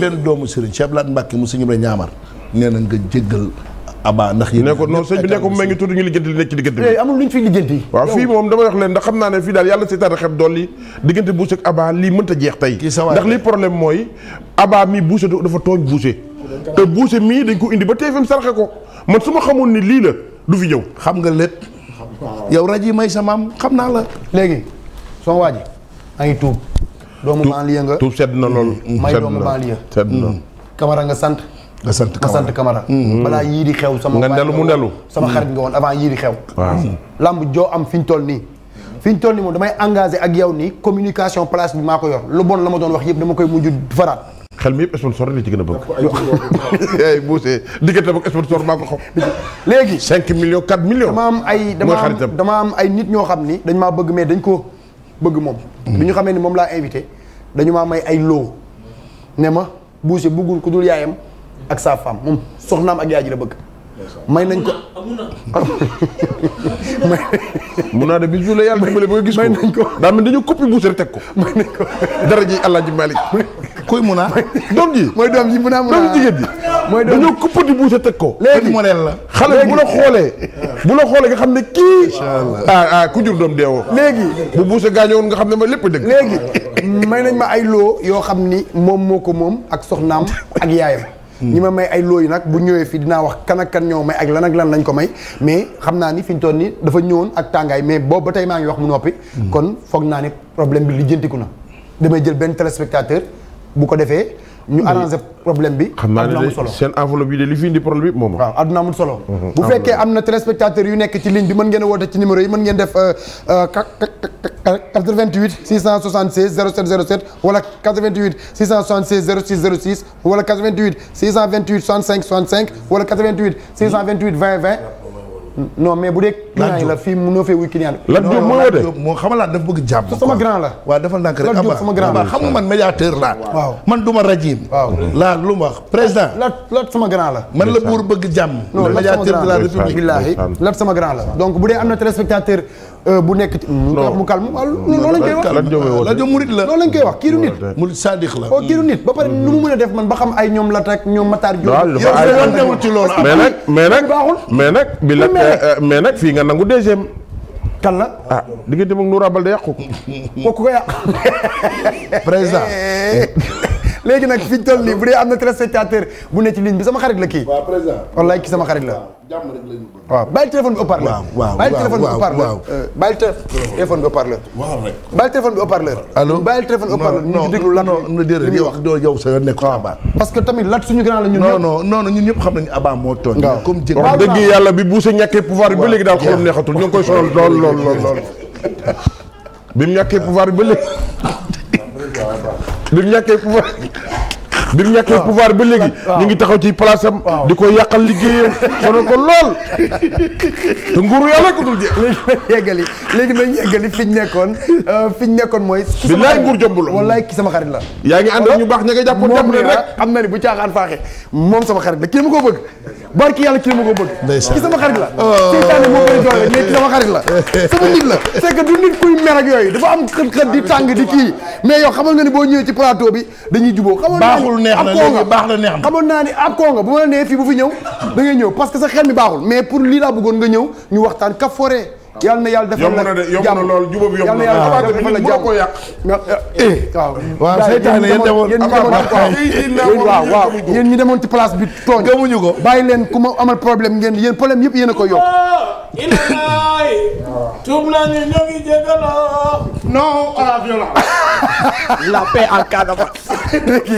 benn doomu Serigne Cheikh Abdoulaye Mbacke mu suñu la ñaamar nee na nga jéggal Abba ndax yéen ne ko non sëñ bi ne ko mu ngi tudd ñu lijjanti li nekk diggante bi eh, waaw fii moom dama wax leen ndax xam naa ne fii daal yàlla seetaan xeb dool yi diggante Boucher ak Abba lii mënta jeex tey ndax li problème mooy Abba mii Boucher dafa tooñ Boucher te Boucher mii dañ ko indi ba TFM sarxe ko man su ma xamoon ni lii la du fi ñëw xam nga lépp yow rajo yi may sa maam xam naa la léegi soo waaji a ngi tuub doomu banlieue nga tout sedd na lool. Mm. Mm. may doomu banlieue sedd na mm. Camara nga sant. nga sant Camara sant Camara. balaa yii di xew. sama nga ndelu mu ndelu sama xarit nga woon avant yii di xew. waaw lamb joo am fi ñu toll nii. fi ñu toll nii moom damay engagé ak yow nii communication place bi maa ko yor lu bon la ma doon wax yëpp dama koy mujj faraat. xel mi yëpp sponsor la ci gën a bëgg. ay buuse diggante ak sponsor maa ko xam. léegi 5 millions 4 millions. dama am ay dama dama am ay nit ñoo xam ni dañ maa bëgg mais dañ ko. bëgg moom. bi ñu xamee ni moom laa invité dañu maa may ay loo ne ma Boucher bëggul ku dul yaayam ak sa femme moom soxnaam ak yaay ji la bëgg. may nañ ko mun naa de bi jula yàlla dimbale ba nga gis ko may nañ ko daa mel dañu coppi Boucher teg ko may nañ ko dara ji Alaaji Malick koy mun a doom ji mooy doom ji mun a mun a doom jigéen ji mooy dañoo kuppati buusa tëg ko léegi modèle la xale bu la xoolee bu la xoolee nga xam ne kii ah, ah, ku jur doom deewoo léegi bu buusa gaañowoon nga xam ne ma lépp dëgg léegi may nañ ma ay loo yoo xam ni moom moo ko moom ak soxnaam ak yaayam hmm. ñi ma may ay loo yi nag bu ñëwee fii dinaa wax kan ak kan ñoo may ak lan ak lan lañ ko may mais xam naa ni fi ñu toll nii dafa ñëwoon ak tàngaay mais boobu ba tey maa ngi wax mu noppi hmm. kon foog naa ni problème bi lijjantiku na damay jël benn téléspectateur bu ko defee ñu arrangé problème bi. xam naa ne seen enveloppe yi de li fi indi problème bi moom. waaw adduna amul solo. bu fekkee am na téléspectateur yu nekk ci ligne bi mën ngeen a woote ci numéro yi mën ngeen def 88 676 0707 wala 88 676 0606 wala 88 628 65 65 wala 88 628 20 20 non mais bu dee. laaj la fii mënoo fee wuy client laaj Diop moo woote moo xamalaat dafa bëgg jàmm sama lat sama grand la donc bu dee am na téléspectateur euh, bu nekk mu calme waaw loolu loolu lañ koy wax kii du nit murit sadiq la oh, kii du nit ba pare nu mu mën a def man ba xam ay ñoom lat ak ñoom Matar Diop yow newul ci loolu mais fii nga nangu deuxième. kan la ah diggante moom Noura Baldé yàqu ko. kooku ko yàq. président. léegi nag fi ñu toll nii bu dee am na téléspectateur bu ne ci ligne bi sama xarit la kii. waaw président wallaay kii sama xarit la. jàmm rek la ñu bëgg. waaw bàyyi téléphone bi haut-parleur. waaw waaw bàyyi euh, téléphone bi haut-parleur. bàyyi téléphone bi haut-parleur. waaw bi haut-parleur. allo bi haut-parleur. ñu ngi déglu parce que tamit lat suñu grand la ñun ñëpp. non non non ñun ñëpp xam nañu Abba moo tooñ. waaw comme jëg wax dëgg yàlla bi bu sa ñàkkee pouvoir bi ba léegi daal xolam neexatul ñu koy sonal lool lool lool bi mu ñàkkee pouvoir bi ba léegi duñ ñàkkee pouvoir bi mu ñàkkee pouvoir ba léegi ñu ngi taxaw ci place am di ko yàqal liggéeyam sonal ko lool te nguuru yàlla ko dul léegi nañ yeggali léegi nañ yeggali fi ñu nekkoon euh, fi ñu nekkoon mooy bi laay nguur jomb la wallaay ki sama xarit la yaa ngi ànd ak ñu baax ña ngay jàpp leen rek am na ni bu caaxaan faaxee moom sama xarit la kii ma ko bëgg barki yàlla kii ko bëgg ki sama xarit la oh. seytaane moo la sama nit la du nit kuy mer yooyu dafa am xët xët di tàng di kii mais yow xamal nga ni boo ñëwee ci plateau bi dañuy juboo xamal neexul neex na léegi baax na neex na xamoon naa ni ab koo nga bu ma la fii bu fi ñëw da ngay ñëw parce que sa xel mi baaxul mais pour lii laa bëggoon nga ñëw ñu waxtaan ka foree yàlla na yàlla defal la jàmm lool jubóob yomb na yàlla defal ko bàyyi leen ku ma amal problème ngeen yéen problème yëpp yéen a koy la violence. la paix en Casamance.